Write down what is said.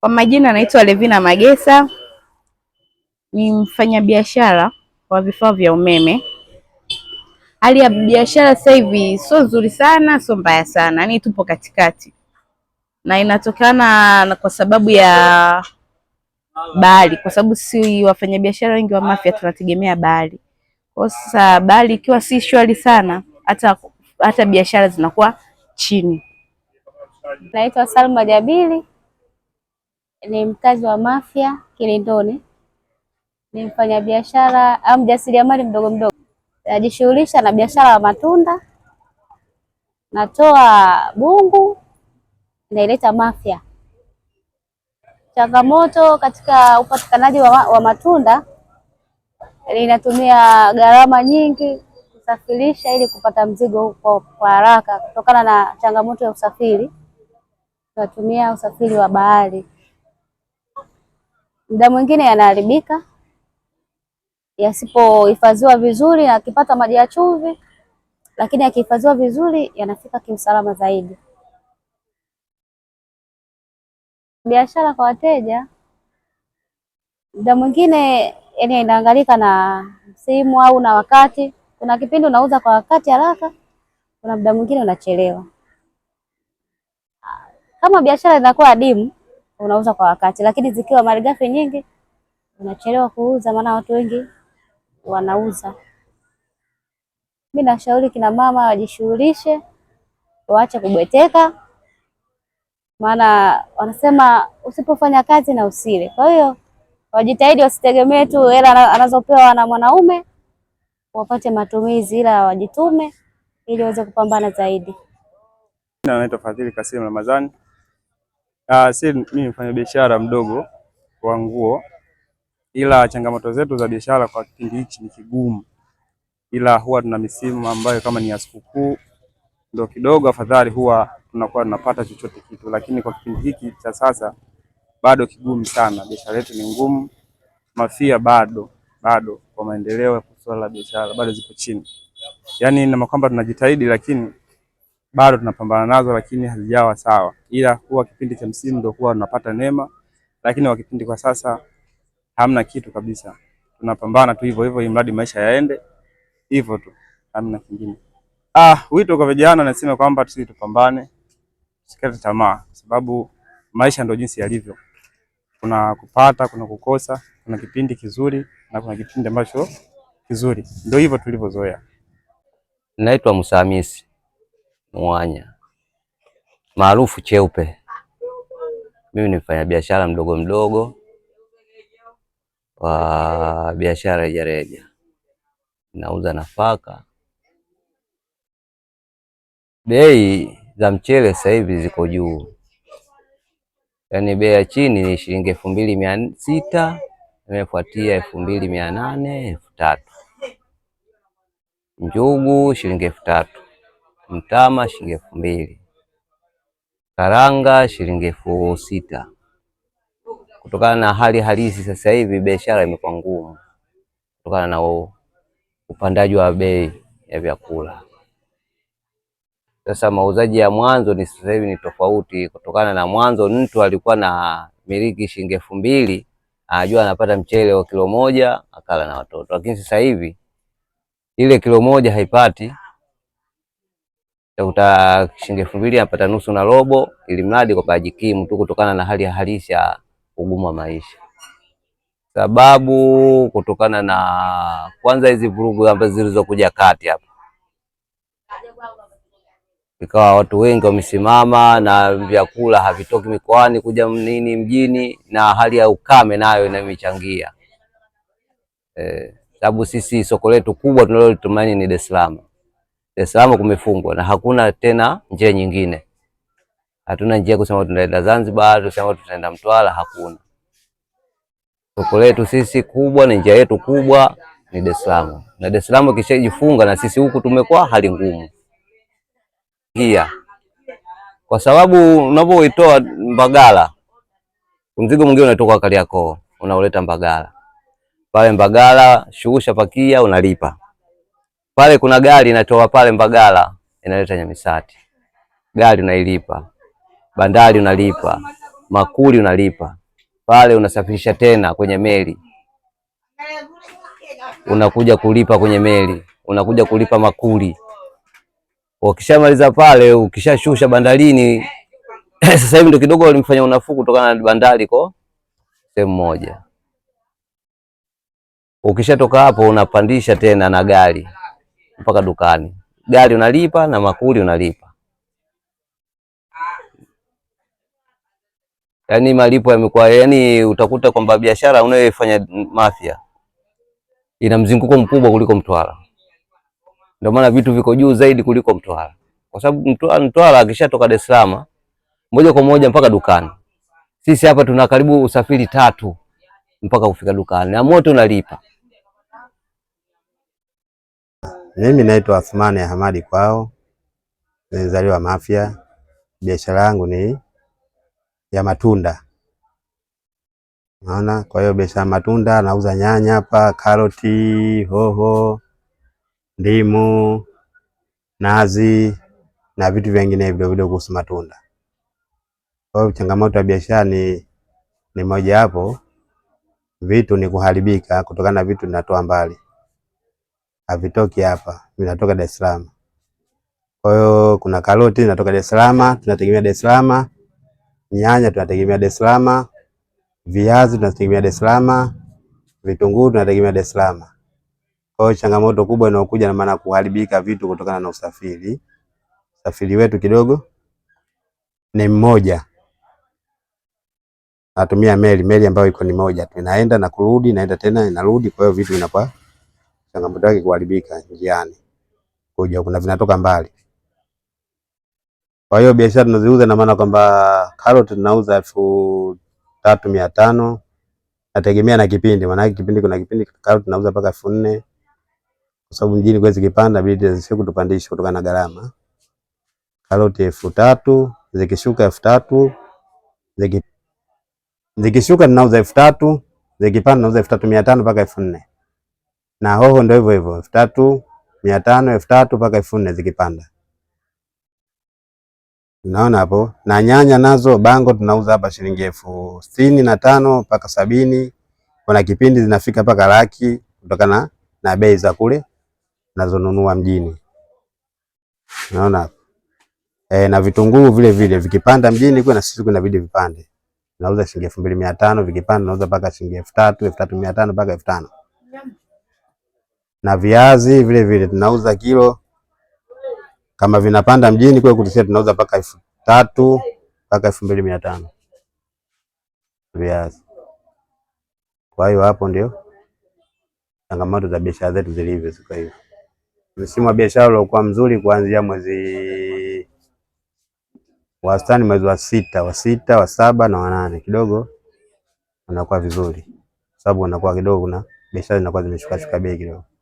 Kwa majina naitwa Levina Magesa, ni mfanyabiashara wa vifaa vya umeme. Hali ya biashara sasa hivi sio nzuri sana, sio mbaya sana, yaani tupo katikati, na inatokana kwa sababu ya bahari, kwa sababu si wafanyabiashara wengi wa Mafia tunategemea bahari. Kwa sasa bahari ikiwa si shwari sana, hata hata biashara zinakuwa chini. Naitwa Salma Jabili ni mkazi wa Mafia Kilindoni, ni mfanyabiashara au mjasiriamali mdogo mdogo, najishughulisha na biashara ya matunda, natoa Bungu, naileta Mafia. Changamoto katika upatikanaji wa, wa matunda, linatumia gharama nyingi kusafirisha ili kupata mzigo kwa haraka, kutokana na changamoto ya usafiri, tunatumia usafiri wa bahari muda mwingine yanaharibika yasipohifadhiwa vizuri, akipata maji ya chumvi, lakini yakihifadhiwa vizuri yanafika kimsalama zaidi. Biashara kwa wateja, muda mwingine yani inaangalika na msimu au na wakati. Kuna kipindi unauza kwa wakati haraka, kuna muda mwingine unachelewa. Kama biashara inakuwa adimu unauza kwa wakati, lakini zikiwa malighafi nyingi unachelewa kuuza, maana watu wengi wanauza. Mi nashauri kina mama wajishughulishe, waache kubweteka, maana wanasema usipofanya kazi na usile. Kwa hiyo wajitahidi, wasitegemee tu hela anazopewa na mwanaume, wapate matumizi, ila wajitume ili waweze kupambana zaidi. Naitwa Fadhili Kasim Ramadhani. Uh, si mimi mfanya biashara mdogo wa nguo, ila changamoto zetu za biashara kwa kipindi hichi ni kigumu, ila huwa tuna misimu ambayo kama ni ya sikukuu ndio kidogo afadhali huwa tunakuwa tunapata chochote kitu, lakini kwa kipindi hiki cha sasa bado kigumu sana. Biashara yetu ni ngumu, Mafia bado bado kwa maendeleo ya suala la biashara bado ziko chini, yaani na kwamba tunajitahidi lakini bado tunapambana nazo, lakini hazijawa sawa, ila huwa kipindi cha msimu ndio huwa tunapata neema, lakini kwa kipindi kwa sasa hamna kitu kabisa. Tunapambana tu hivyo hivyo, mradi maisha yaende hivyo tu, hamna kingine. Ah, wito kwa vijana nasema kwamba tusi tupambane, tamaa, sababu maisha ndio jinsi yalivyo. Kuna kupata, kuna kukosa, kuna kipindi kizuri na kuna kipindi ambacho kizuri, ndio hivyo tulivyozoea. Naitwa Musa Hamisi mwanya maarufu Cheupe. Mimi ni mfanyabiashara mdogo mdogo wa biashara rejareja, nauza nafaka. Bei za mchele sasa hivi ziko juu, yaani bei ya chini ni shilingi elfu mbili mia sita imefuatia elfu mbili mia nane elfu tatu njugu shilingi elfu tatu mtama shilingi elfu mbili, karanga shilingi elfu sita. Kutokana na hali halisi sasa hivi biashara imekuwa ngumu kutokana na upandaji wa bei ya vyakula. Sasa mauzaji ya mwanzo ni sasa hivi ni tofauti, kutokana na mwanzo mtu alikuwa na miliki shilingi elfu mbili anajua anapata mchele wa kilo moja akala na watoto, lakini sasa hivi ile kilo moja haipati tafuta shilingi elfu mbili anapata nusu na robo, ili mradi kwamba ajikimu tu kutokana na hali ya halisi ya ugumu wa maisha. Sababu kutokana na kwanza hizi vurugu ambazo zilizokuja kati hapa, ikawa watu wengi wamesimama na vyakula havitoki mikoani kuja nini mjini, na hali ya ukame nayo inamechangia eh, sababu sisi soko letu kubwa tunalotumaini ni Dar es Salaam. Dar es Salaam kumefungwa na hakuna tena njia nyingine. Hatuna njia kusema tunaenda Zanzibar, tusema tunaenda Mtwara, hakuna. Soko letu sisi kubwa, ni njia yetu kubwa ni Dar es Salaam, na Dar es Salaam kishajifunga na sisi huku tumekuwa hali ngumu hia, kwa sababu unapoitoa Mbagala mzigo mwingine unatoka Kariakoo unauleta Mbagala pale Mbagala, shusha, pakia, unalipa pale kuna gari inatoa pale Mbagala inaleta Nyamisati, gari unailipa, bandari unalipa, makuli unalipa, pale unasafirisha tena kwenye meli, unakuja kulipa kwenye meli, unakuja kulipa makuli. Ukishamaliza pale, ukishashusha bandarini sasa hivi ndo kidogo walimfanya unafuu kutokana na bandari ko sehemu moja. Ukishatoka hapo, unapandisha tena na gari mpaka dukani. Gari unalipa na makuli unalipa, yaani malipo yamekuwa, yaani utakuta kwamba biashara unayoifanya Mafia ina mzunguko mkubwa kuliko Mtwara. Ndio maana vitu viko juu zaidi kuliko Mtwara, kwa sababu Mtwara akishatoka Dar es Salaam moja kwa moja mpaka dukani. Sisi hapa tuna karibu usafiri tatu mpaka kufika dukani, na moto unalipa. Mimi naitwa Athmani Hamadi Kwao, ni Mafia. Biashara yangu ni ya matunda, naona. Kwa hiyo biashara ya matunda, nauza nyanya hapa, karoti, hoho, ndimu, nazi na vitu vingine vidogo kuhusu matunda. Kwa hiyo changamoto ya biashara ni, ni hapo, vitu ni kuharibika kutokana na vitu ninatoa mbali havitoki hapa, vinatoka Dar es Salaam. Kwa hiyo kuna karoti zinatoka Dar es Salaam, tunategemea Dar es Salaam, nyanya tunategemea Dar es Salaam, viazi tunategemea Dar es Salaam, vitunguu tunategemea Dar es Salaam. Kwa hiyo changamoto kubwa inayokuja na maana kuharibika vitu kutokana na usafiri. Usafiri wetu kidogo ni mmoja, natumia meli, meli ambayo iko ni moja tu, inaenda na kurudi, inaenda tena inarudi, kwa hiyo vitu vinakuwa changamoto yake kuharibika njiani, kuja kuna vinatoka mbali. Kwa hiyo biashara tunaziuza na maana kwamba karoti tunauza elfu tatu mia tano nategemea na kipindi, maana kipindi kuna kipindi karoti tunauza mpaka elfu nne kwa sababu mjini kwezi kipanda bidi siku tupandishe kutokana na gharama. Karoti elfu tatu zikishuka elfu tatu zikishuka tunauza elfu tatu zikipanda tunauza elfu tatu mia tano mpaka elfu nne na hoho ndio hivyo hivyo, elfu tatu mia tano elfu tatu mpaka elfu nne zikipanda. Unaona hapo. Na nyanya nazo bango tunauza hapa shilingi elfu sitini na tano mpaka sabini. Kuna kipindi zinafika mpaka laki kutokana na bei za kule nazonunua mjini. Unaona e, na vitunguu vile vile vikipanda mjini kwa na sisi kuna bidii vipande. Nauza shilingi elfu mbili mia tano vikipanda nauza mpaka shilingi elfu tatu elfu tatu mia tano mpaka elfu tano na viazi vile vile tunauza kilo kama vinapanda mjini kwa sisi tunauza mpaka elfu tatu mpaka elfu mbili mia tano viazi. Kwa hiyo hapo ndio changamoto za biashara zetu zilivyo siku hiyo. Msimu wa biashara uliokuwa mzuri kuanzia mwezi wastani, mwezi wa sita wa sita wa saba na wanane, kidogo unakuwa vizuri, sababu unakuwa kidogo na biashara zinakuwa zimeshuka shuka bei kidogo.